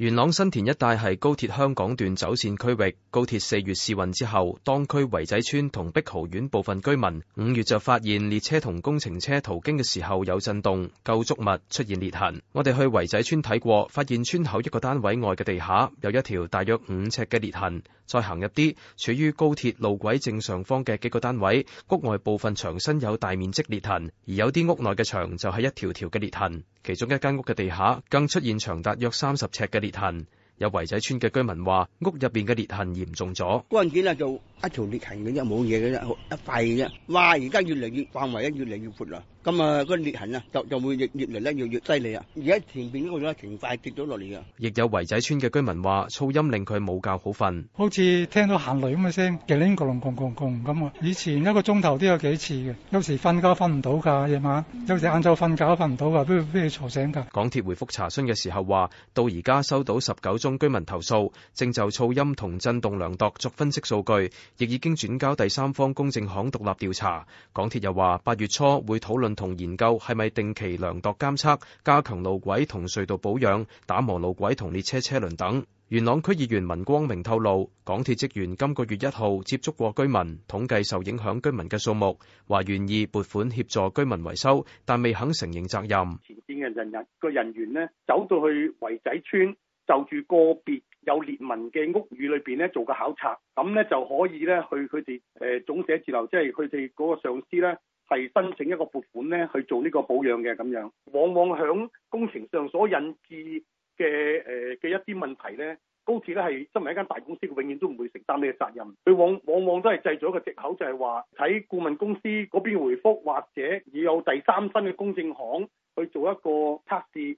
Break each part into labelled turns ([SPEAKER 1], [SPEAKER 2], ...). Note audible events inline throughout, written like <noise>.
[SPEAKER 1] 元朗新田一帶係高鐵香港段走線區域，高鐵四月試運之後，當區圍仔村同碧豪苑部分居民五月就發現列車同工程車途經嘅時候有震動，構築物出現裂痕。我哋去圍仔村睇過，發現村口一個單位外嘅地下有一條大約五尺嘅裂痕，再行入啲，處於高鐵路軌正上方嘅幾個單位屋外部分牆身有大面積裂痕，而有啲屋內嘅牆就係一條條嘅裂痕，其中一間屋嘅地下更出現長大約三十尺嘅裂痕。 <noise> <noise> 裂痕，有圍仔村嘅居民話，屋入邊嘅裂痕嚴重咗。嗰陣時咧就一條裂痕嘅啫，冇嘢嘅啫，一廢嘅。哇，而家越嚟越範圍咧，越嚟越闊啦。
[SPEAKER 2] 咁啊，個裂痕啊，就就會越越嚟咧，越越犀利啊！而家前邊嗰個咧，停快跌咗落嚟噶。
[SPEAKER 1] 亦有圍仔村嘅居民話，噪音令佢冇覺好瞓，
[SPEAKER 3] 好似聽到行雷咁嘅聲，嘅呢個隆隆隆隆咁啊！以前一個鐘頭都有幾次嘅，有時瞓覺瞓唔到噶，夜晚，有時晏晝瞓覺都瞓唔到噶，都要都要吵醒噶。
[SPEAKER 1] 港鐵回覆查詢嘅時候話，到而家收到十九宗居民投訴，正就噪音同震動量度作分析數據，亦已經轉交第三方公證行獨立調查。港鐵又話，八月初會討論。同研究係咪定期量度監測、加強路軌同隧道保養、打磨路軌同列車車輪等。元朗區議員文光明透露，港鐵職員今個月一號接觸過居民，統計受影響居民嘅數目，話願意撥款協助居民維修，但未肯承認責任。前
[SPEAKER 2] 線嘅人人個人員咧，走到去圍仔村，就住個別有裂紋嘅屋宇裏邊咧做個考察，咁咧就可以咧去佢哋誒總寫字樓，即係佢哋嗰個上司咧。係申請一個撥款咧，去做呢個保養嘅咁樣。往往響工程上所引致嘅誒嘅一啲問題咧，高鐵咧係身為一間大公司，永遠都唔會承擔呢個責任。佢往往往都係製造一個藉口，就係話喺顧問公司嗰邊回覆，或者已有第三身嘅公證行去做一個測試。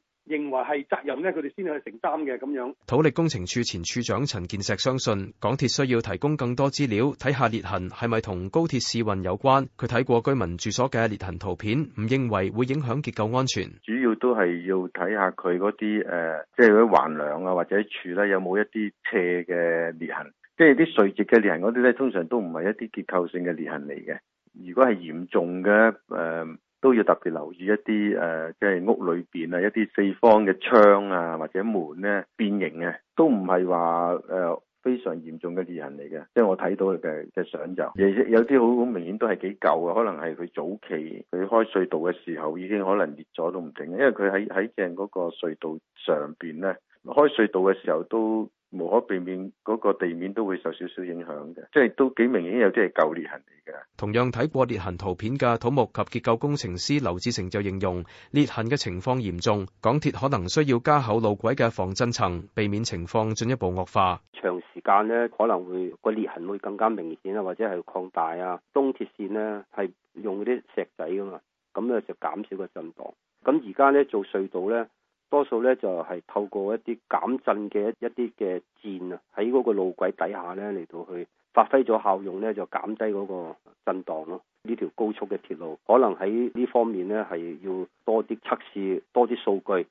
[SPEAKER 2] 或係責任咧，佢哋先去承擔嘅咁
[SPEAKER 1] 樣。土力工程處前處長陳健碩相信港鐵需要提供更多資料，睇下裂痕係咪同高鐵試運有關。佢睇過居民住所嘅裂痕圖片，唔認為會影響結構安全。
[SPEAKER 4] 主要都係要睇下佢嗰啲誒，即係嗰啲橫梁啊或者柱咧、啊，有冇一啲斜嘅裂痕。即係啲垂直嘅裂痕嗰啲咧，通常都唔係一啲結構性嘅裂痕嚟嘅。如果係嚴重嘅誒。呃都要特別留意一啲誒，即、呃、係、就是、屋裏邊啊，一啲四方嘅窗啊或者門咧變形啊，都唔係話誒非常嚴重嘅裂痕嚟嘅。即係我睇到嘅嘅相就，有啲好好明顯都係幾舊嘅，可能係佢早期佢開隧道嘅時候已經可能裂咗都唔定，因為佢喺喺正嗰個隧道上邊咧開隧道嘅時候都。無可避免，嗰個地面都會受少少影響嘅，即係都幾明顯，有啲係舊裂痕嚟
[SPEAKER 1] 嘅。同樣睇過裂痕圖片嘅土木及結構工程師劉志成就形容裂痕嘅情況嚴重，港鐵可能需要加厚路軌嘅防震層，避免情況進一步惡化。
[SPEAKER 2] 長時間呢可能會個裂痕會更加明顯啊，或者係擴大啊。東鐵線呢係用嗰啲石仔㗎嘛，咁咧就減少個震盪。咁而家咧做隧道咧。多數咧就係透過一啲減震嘅一一啲嘅墊啊，喺嗰個路軌底下咧嚟到去發揮咗效用咧，就減低嗰個震盪咯。呢條高速嘅鐵路可能喺呢方面咧係要多啲測試，多啲數據，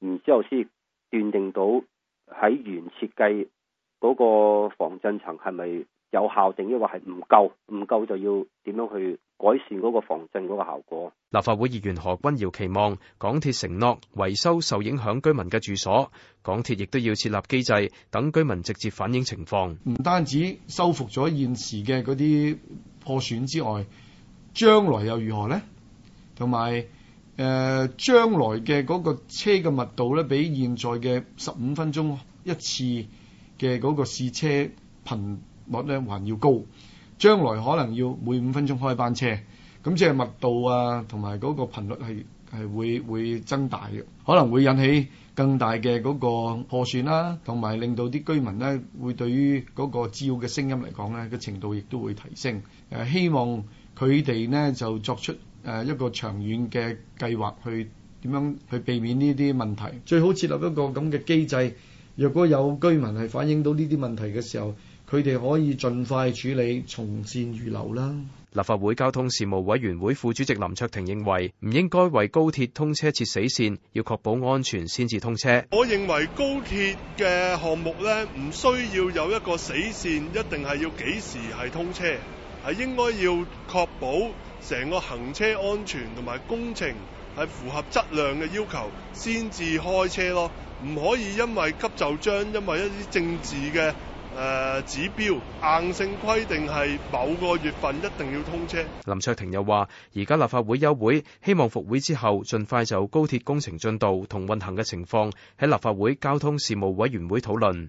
[SPEAKER 2] 然之後先斷定到喺原設計嗰個防震層係咪？有效定抑或係唔夠？唔夠就要點樣去改善嗰個防震嗰個效果？
[SPEAKER 1] 立法會議員何君堯期望港鐵承諾維修受影響居民嘅住所，港鐵亦都要設立機制，等居民直接反映情況，
[SPEAKER 3] 唔單止修復咗現時嘅嗰啲破損之外，將來又如何呢？同埋誒將來嘅嗰個車嘅密度咧，比現在嘅十五分鐘一次嘅嗰個試車頻。率呢還要高，將來可能要每五分鐘開班車，咁即係密度啊，同埋嗰個頻率係係會會增大嘅，可能會引起更大嘅嗰個破損啦，同埋令到啲居民呢會對於嗰個噪嘅聲音嚟講呢個程度亦都會提升。誒，希望佢哋呢就作出誒一個長遠嘅計劃去點樣去避免呢啲問題，最好設立一個咁嘅機制。若果有居民係反映到呢啲問題嘅時候，佢哋可以盡快處理，從善如流啦。
[SPEAKER 1] 立法會交通事務委員會副主席林卓廷認為，唔應該為高鐵通車設死線，要確保安全先至通車。
[SPEAKER 3] 我認為高鐵嘅項目咧，唔需要有一個死線，一定係要幾時係通車，係應該要確保成個行車安全同埋工程係符合質量嘅要求先至開車咯。唔可以因為急就章，因為一啲政治嘅，誒、呃、指標硬性規定係某個月份一定要通車。
[SPEAKER 1] 林卓廷又話：而家立法會休會，希望復會之後，盡快就高鐵工程進度同運行嘅情況，喺立法會交通事務委員會討論。